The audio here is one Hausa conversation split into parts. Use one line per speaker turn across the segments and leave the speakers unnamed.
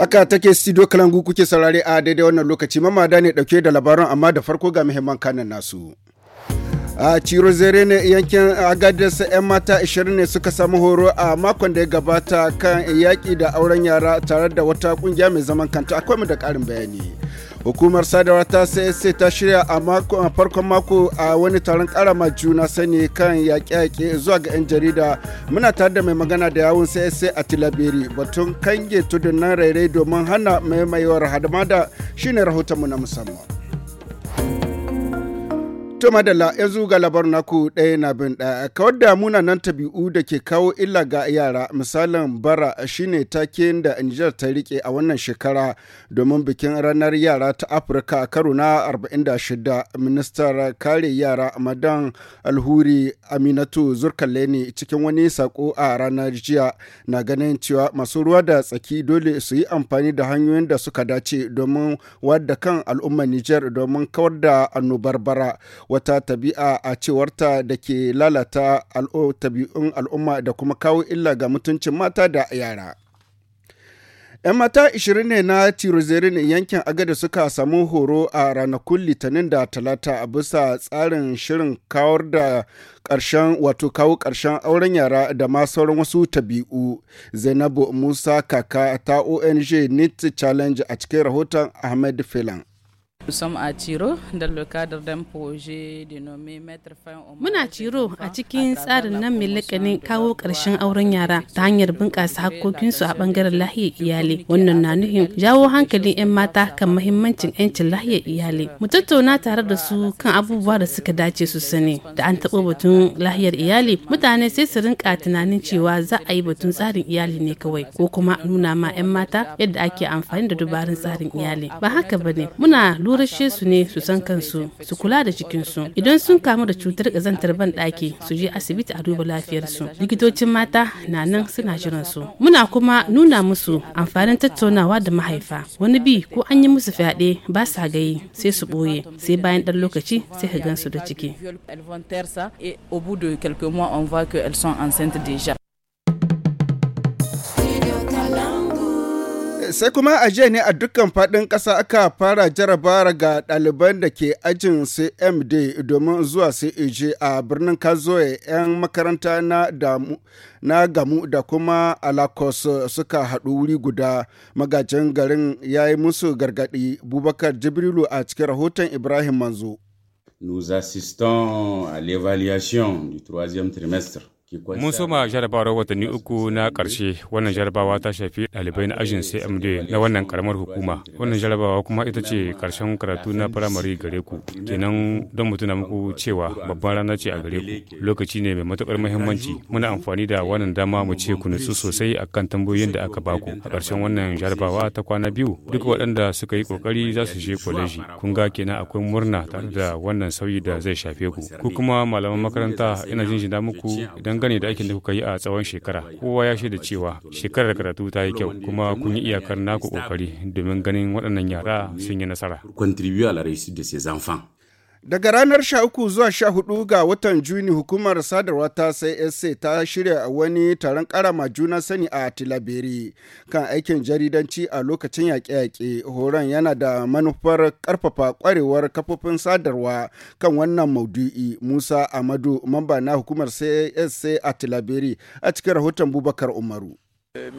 Haka take studio kalangu kuke saurare a daidai wannan lokaci mamada ne dauke da labaran amma da farko ga muhimman kanan nasu. a ciro zere ne yankin agadarsa 'yan mata 20 ne suka samu horo a makon da ya gabata kan yaƙi da auren yara tare da wata ƙungiya mai zaman kanta akwai mu da ƙarin bayani Hukumar sadarwa ta sai ta shirya a farkon mako a wani taron karama juna sani kan yaƙe-yaƙe zuwa ga 'yan jarida. Muna tare da mai magana da yawun sai-sai a tilabiri batun kange tudun nan rairai domin hana maimaiwar hadama da shine mu na musamman. To madalla yanzu ga labar naku ɗaya na bin ɗaya kawar da munanan tabi'u da ke kawo illa ga yara misalin bara shine taken da Nijar ta rike a wannan shekara domin bikin ranar yara ta Afirka karo na 46 ministar kare yara madan alhuri Aminatu Zurkaleni cikin wani sako a ranar jiya na ganin cewa masu ruwa da tsaki dole su yi amfani da hanyoyin da suka dace domin wadda kan al'ummar Nijar domin kawar da annobar bara. wata tabi'a a cewarta da ke lalata tabi'un al'umma da kuma kawo illa ga mutuncin mata da yara. 'yan mata 20 ne na tirozerin yankin agada suka samu horo a ranakun litinin da talata a bisa tsarin shirin kawar da ƙarshen wato kawo ƙarshen auren yara da ma sauran wasu tabi'u zainabu musa kaka ta ong nit challenge a cikin rahoton ahmed filan Nous Muna Tiro a
cikin tsarin nan mai lakanin kawo ƙarshen auren yara ta hanyar bunƙasa hakkokinsu a ɓangaren lahiyar iyali. Wannan na nufin jawo hankalin 'yan mata kan mahimmancin 'yancin lahiyar iyali. Mu tattauna tare da su kan abubuwa da suka dace su sani. Da an taɓa batun lahiyar iyali, mutane sai su rinka tunanin cewa za a yi batun tsarin iyali ne kawai ko kuma nuna ma 'yan mata yadda ake amfani da dubarun tsarin iyali. Ba haka bane. Muna lura rashe su ne su san kansu su kula da jikinsu idan sun kamu da cutar kazantar ban ɗaki su je asibiti a duba lafiyarsu likitocin mata na nan suna jiran su muna kuma nuna musu amfanin tattaunawa da mahaifa wani bi ko an yi musu fyaɗe ba sa gayi sai su ɓoye sai bayan ɗan lokaci sai ka gansu da ciki
sai kuma a jiya ne a dukkan faɗin ƙasa aka fara jarabara ga ɗaliban da ke ajin cmd domin zuwa cej a birnin kazoe 'yan makaranta na gamu da kuma alakos suka haɗu wuri guda magajin garin ya yi musu gargaɗi bubakar jibrilu a cikin rahoton ibrahim manzo
nous assistons à l'évaluation du troisième trimestre Mun soma jarabawar watanni uku na ƙarshe wannan jarabawa ta shafi ɗalibai na ajin CMD na wannan karamar hukuma. Wannan jarabawa kuma ita ce ƙarshen karatu na firamare gare ku. Kenan don mutuna muku cewa babban rana ce a gare ku. Lokaci ne mai matuƙar muhimmanci. Muna amfani da wannan dama mu ce ku nutsu sosai kan tambayoyin da aka baku. A ƙarshen wannan jarabawa ta kwana biyu duk waɗanda suka yi ƙoƙari za su je kwaleji. Kun ga kenan akwai murna tare da wannan sauyi da zai shafe ku. Ku kuma malaman makaranta ina jinjina muku idan dangane da aikin da kuka yi a tsawon shekara kowa ya shaida cewa shekarar karatu ta yi kyau kuma kun yi iyakar naku kokari domin ganin waɗannan yara sun yi nasara.
Daga ranar 13 zuwa 14 ga watan Juni hukumar sadarwa ta CSA ta shirya wani taron karama juna sani a Tilaberi kan aikin jaridanci a lokacin yaƙe-yaƙe. Horon yana da manufar ƙarfafa ƙwarewar kafofin sadarwa kan wannan maudu'i Musa Amadu mamba na hukumar CSA a Tilaberi a cikin rahoton Bubakar Umaru.
Eh,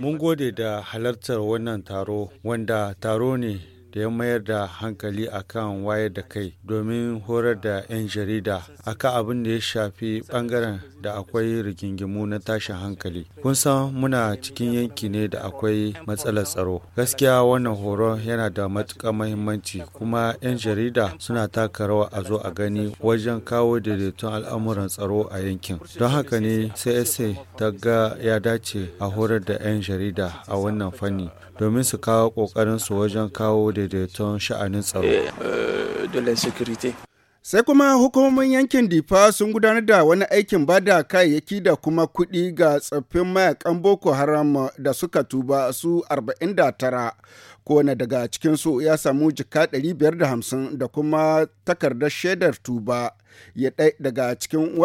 Mun gode da halartar wannan taro wanda taro ne da ya mayar da hankali akan wayar da kai domin horar da 'yan jarida akan abin da ya shafi bangaren da akwai rigingimu na tashin hankali kun san muna cikin yanki ne da akwai matsalar tsaro gaskiya wannan horo yana da matuƙar mahimmanci kuma 'yan jarida suna taka rawa a zo a gani wajen kawo daidaiton al'amuran tsaro a yankin don haka ne csa ta ga ya dace a horar da 'yan jarida a wannan fanni domin su kawo su wajen kawo daidaiton sha'anin tsaro.
Eh, eh, Sai kuma hukumomin yankin Difa sun gudanar da wani aikin ba da kayayyaki da kuma kuɗi ga tsoffin mayakan Boko Haram da suka tuba su 49. Kowane daga cikinsu ya samu jika 550 da kuma takardar shaidar tuba. Ya ɗai daga cikin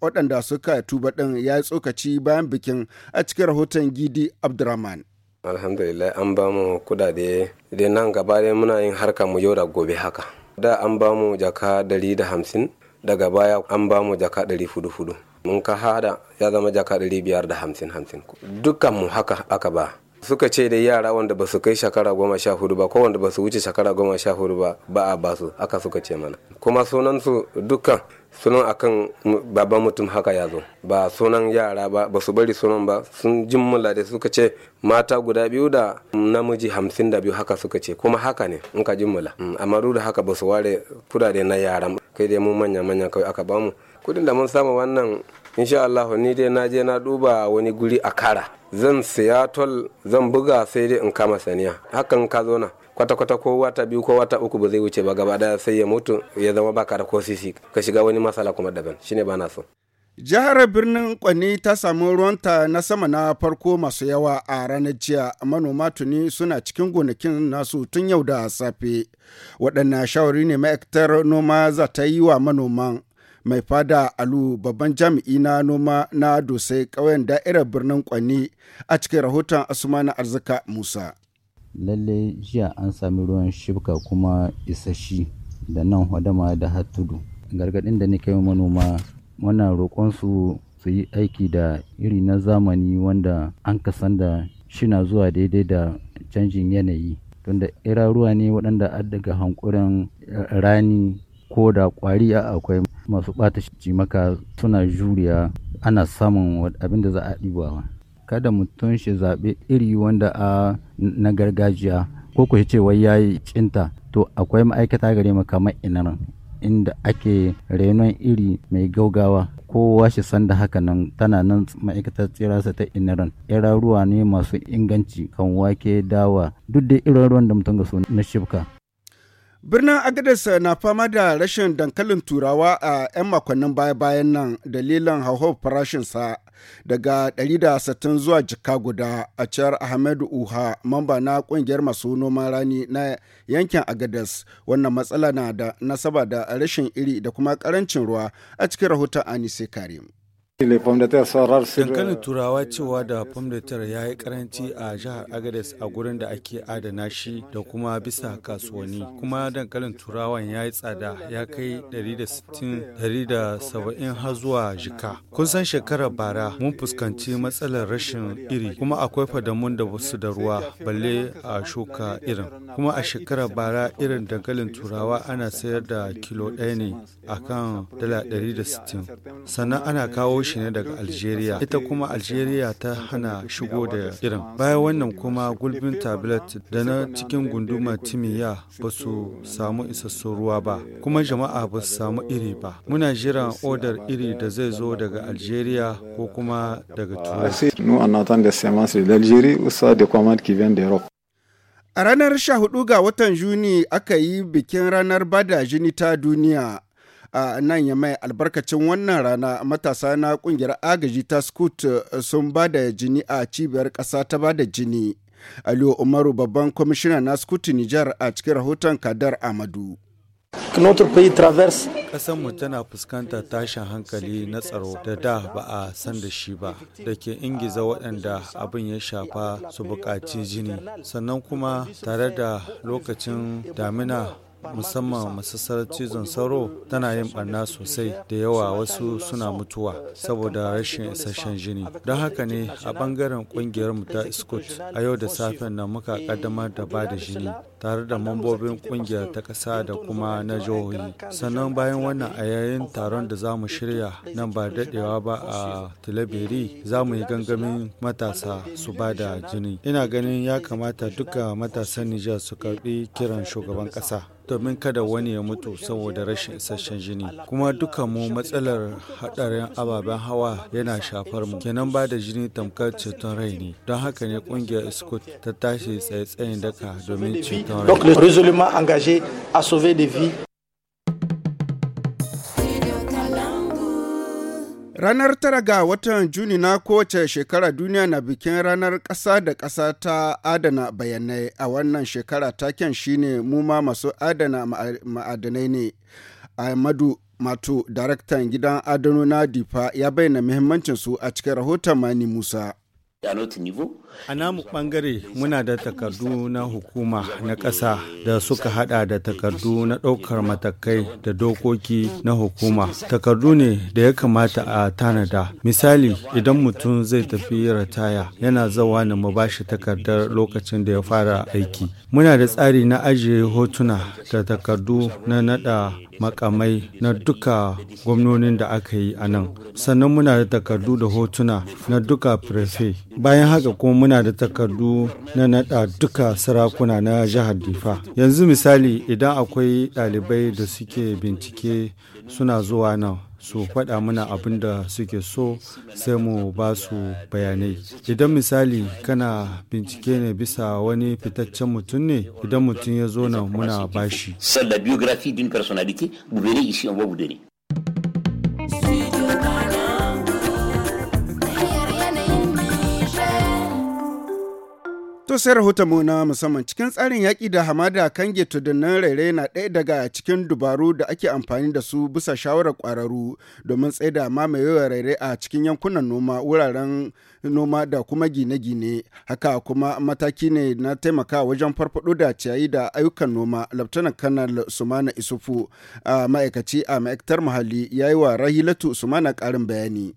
waɗanda suka tuba ɗin ya yi tsokaci bayan bikin a cikin rahoton Gidi Abdurrahman.
alhamdulillah an ba mu kudade da nan gaba dai muna yin harka mu yau da gobe haka da an ba mu jaka dari da hamsin daga baya an ba mu jaka dari fudu fudu mun ka hada ya zama jaka dari biyar da hamsin hamsin dukkan mu haka aka ba suka ce da yara wanda ba su kai shekara goma sha hudu ba ko wanda ba su wuce shekara goma sha hudu ba ba a basu aka suka ce mana kuma sunansu dukkan sunan akan baban mutum haka ya zo ba sunan yara ba ba su bari sunan ba sun jimmula da suka ce mata guda biyu da namiji hamsin da biyu haka suka ce kuma haka ne in ka jimmula mm, amma duk da haka ba su ware kudade na yara kai dai mu manya manya kawai aka bamu kudin da mun samu wannan insha Allah ni dai na je na duba wani guri a kara zan siya tol zan buga sai dai in kama saniya hakan ka zo na kwata-kwata ko wata biyu ko wata uku ba zai wuce ba gaba daya sai ya mutu ya zama baka da ko sisi ka shiga wani masala kuma daban shine ba na so
jihar birnin kwani ta samu ruwanta na sama na farko masu yawa a ranar jiya manoma tuni suna cikin gonakin nasu tun yau da safe waɗanne shawari ne ma'aikatar noma za ta yi wa manoman mai fada alu babban jami'i na noma na dosai ƙauyen da'irar birnin kwani a cikin rahoton asuma arzika musa Lalle
jiya an sami ruwan shibka kuma isashi da nan Hadama da har tudu. Gargaɗin da nake yi manoma muna roƙon su su yi aiki da iri na zamani wanda an kasan da shi na zuwa daidai da canjin yanayi. Tunda ira ruwa ne waɗanda an daga hankurin rani ko da ƙwari akwai masu ɓata cimaka suna juriya ana samun abin da za a ɗibawa. kada mutum shi zaɓe iri wanda a na gargajiya ko ku ce wai yayi cinta to akwai ma'aikata gare mu kamar inaran inda ake renon iri mai gaugawa kowa shi san haka nan tana nan ma'aikatar tsirasa ta inaran ira ruwa ne masu inganci kan wake dawa duk da irin ruwan da mutum ga so na shifka
Birnin Agadas na fama da rashin dankalin turawa a 'yan makonnin baya-bayan nan dalilan hauhawar farashinsa daga 160 zuwa jika guda a ciyar Ahmadu Uha mamba na kungiyar masu noman rani na yankin Agadas wannan matsala na da nasaba da rashin iri da kuma karancin ruwa a cikin rahoton Anise Karim. dankalin
turawa cewa da famdatar ya yi karanci a jihar agades a gurin da ake adana shi da kuma bisa kasuwanni kuma dankalin turawan ya yi tsada ya kai 160-170 har zuwa jika kun san shekarar bara mun fuskanci matsalar rashin iri kuma akwai fadamun da wasu da ruwa balle a shuka irin kuma a shekarar bara irin dankalin turawa ana sayar da kilo ɗaya ne akan dala 160 sannan ana kawo shi shi ne daga Algeria. Ita kuma Algeria ta hana shigo da irin. Bayan wannan kuma gulbin tablet da na cikin gunduma Timiya ba su samu isassun ruwa ba, kuma jama'a ba su samu iri ba. Muna jiran odar iri da zai zo daga Algeria ko kuma daga
A ranar 14 ga watan Juni aka yi bikin ranar bada jini ta duniya a nan ya mai albarkacin wannan rana matasa na kungiyar agaji ta scout eh, sun ba da jini a cibiyar kasa ta ba da jini. Aliyu Umaru babban kwamishina na scout Nijar a cikin rahoton Kadar Amadu.
Ƙasanmu tana fuskantar tashin hankali na tsaro da da ba a san da shi ba, da ke ingiza waɗanda abin ya shafa su buƙaci jini, sannan kuma tare da lokacin damina musamman masassarar cizon sauro tana yin barna sosai da yawa wasu suna mutuwa saboda rashin isasshen jini don haka ne a bangaren kungiyar mu ta scott a yau da safen nan muka kaddamar da ba da jini tare da mambobin kungiya ta ƙasa da kuma na jihohi sannan bayan wannan a yayin taron da za mu shirya nan ba daɗewa ba a tilabiri za mu yi gangamin matasa su ba da jini ina ganin ya kamata duka matasan nijar su karɓi kiran shugaban ƙasa domin kada wani ya mutu saboda rashin isasshen jini kuma duka mu matsalar hadarin ababen hawa yana shafar mu kenan ba da jini tamkar ceton rai ne don haka ne kungiyar scott ta tashi tsaye-tsayin daka domin ceton Donc le résolument engagé a sauver des vies.
Ranar tara ga watan Juni na kowace shekara duniya na bikin ranar ƙasa da ƙasa ta adana bayanai a wannan shekara taken shine mu ma masu adana ma'adanai ne. Ahmadu Mato, daraktan gidan adano na Difa ya bayyana muhimmancin su a cikin rahoton Mani Musa.
A namu bangare muna da takardu na hukuma na ƙasa da suka hada da takardu na ɗaukar matakai da dokoki na hukuma. Takardu ne da ya kamata a tanada. Misali idan mutum zai tafi rataya yana zawa na mu bashi takardar lokacin da ya fara aiki. Muna da tsari na ajiye hotuna da takardu na nada makamai na duka gwamnonin da aka yi a nan. Sannan muna da takardu da hotuna na duka prefe. Bayan haka kuma muna da takardu na nada duka sarakuna na jihar difa yanzu misali idan akwai dalibai da suke bincike suna zuwa nan su faɗa mana abin da suke so sai mu ba su bayanai idan misali kana bincike ne bisa wani fitaccen mutum ne idan mutum ya zo nan muna bashi
To sai rahoton mu na musamman cikin tsarin yaƙi da hamada kan da nan raire na ɗaya daga cikin dubaru da ake amfani da su bisa shawarar ƙwararru domin da mamayewa raire a cikin yankunan noma wuraren noma da kuma gine-gine haka kuma mataki ne na taimaka wajen farfado da ciyayi da ayyukan noma laftana kanal sumana isufu a ma'aikaci a ma'aikatar muhalli ya yi wa rahilatu sumana ƙarin bayani.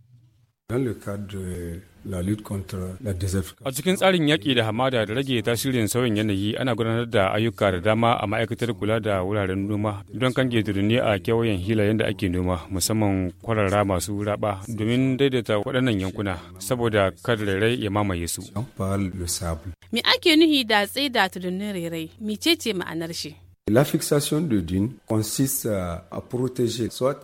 A cikin tsarin yaƙi da hamada da rage tasirin sauyin yanayi ana gudanar da ayyuka da dama a ma'aikatar kula da wuraren noma don kange ne a kewayen hila yadda ake noma musamman kwararra masu raba domin daidaita waɗannan yankuna saboda kar rairai ya mamaye su.
Me ake nuhi da tsaye da tudunin rairai? Mecece ma'anar shi?
La fixation de dune consiste à protéger soit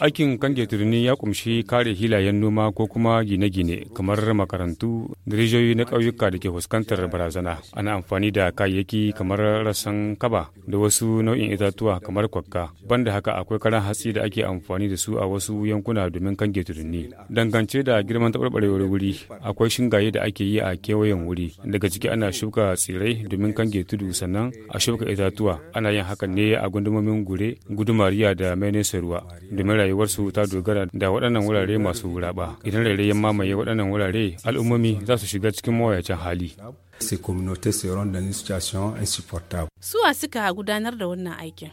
Aikin kange turni ya kumshi kare hilayen noma ko kuma gine-gine kamar makarantu da rijiyoyi na ƙauyuka da ke fuskantar barazana. Ana amfani da kayayyaki kamar rassan kaba da wasu nau'in itatuwa kamar kwakka. Banda haka akwai karan hatsi da ake amfani da su a wasu yankuna domin kange turni. Dangance da girman taɓarɓarewar wuri akwai shingaye da ake yi a kewayen wuri. Daga ciki ana shuka tsirai domin kange tudu sannan a shuka itatuwa. Ana yin hakan ne a gundumomin gure, gudumariya da mainesa wuce ruwa domin rayuwarsu ta dogara da waɗannan wurare masu raɓa idan rairayin mamaye waɗannan wurare al'ummomi za su shiga cikin mawayacin hali ces
communautés seront dans une situation
suka gudanar da wannan aikin?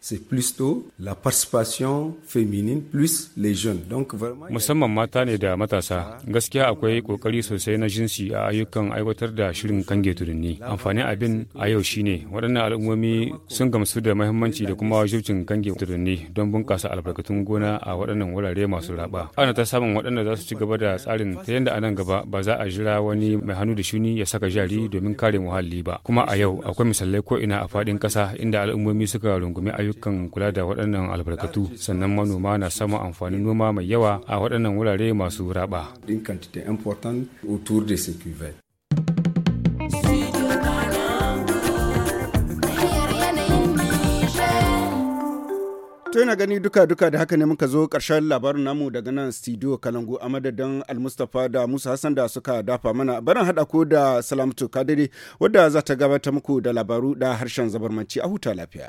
c'est plutôt la
participation féminine plus les jeunes. Donc vraiment
musamman mata ne da matasa gaskiya akwai kokari sosai na jinsi a ayyukan aiwatar da shirin kange turinni amfanin abin a yau shine waɗannan al'ummomi sun gamsu da muhimmanci da kuma wajibcin kange turinni don bunƙasa albarkatun gona a waɗannan wurare masu raba ana ta samun waɗanda za su ci gaba da tsarin ta yadda a nan gaba ba za a jira wani mai hannu da shuni ya saka jari domin kare muhalli ba kuma a yau akwai misalai ko ina a faɗin ƙasa inda al'ummomi suka rungumi ayyukan ayyukan kula da waɗannan albarkatu sannan manoma na samun amfanin noma mai yawa a waɗannan wurare masu raba.
To yana gani duka-duka da haka ne muka zo karshen labarin namu daga nan studio Kalangu a madadin Almustapha da Musa Hassan da suka dafa mana. Barin hada ko da Salamatu Kadiri wadda za ta gabatar muku da labaru da harshen zabarmanci a huta lafiya.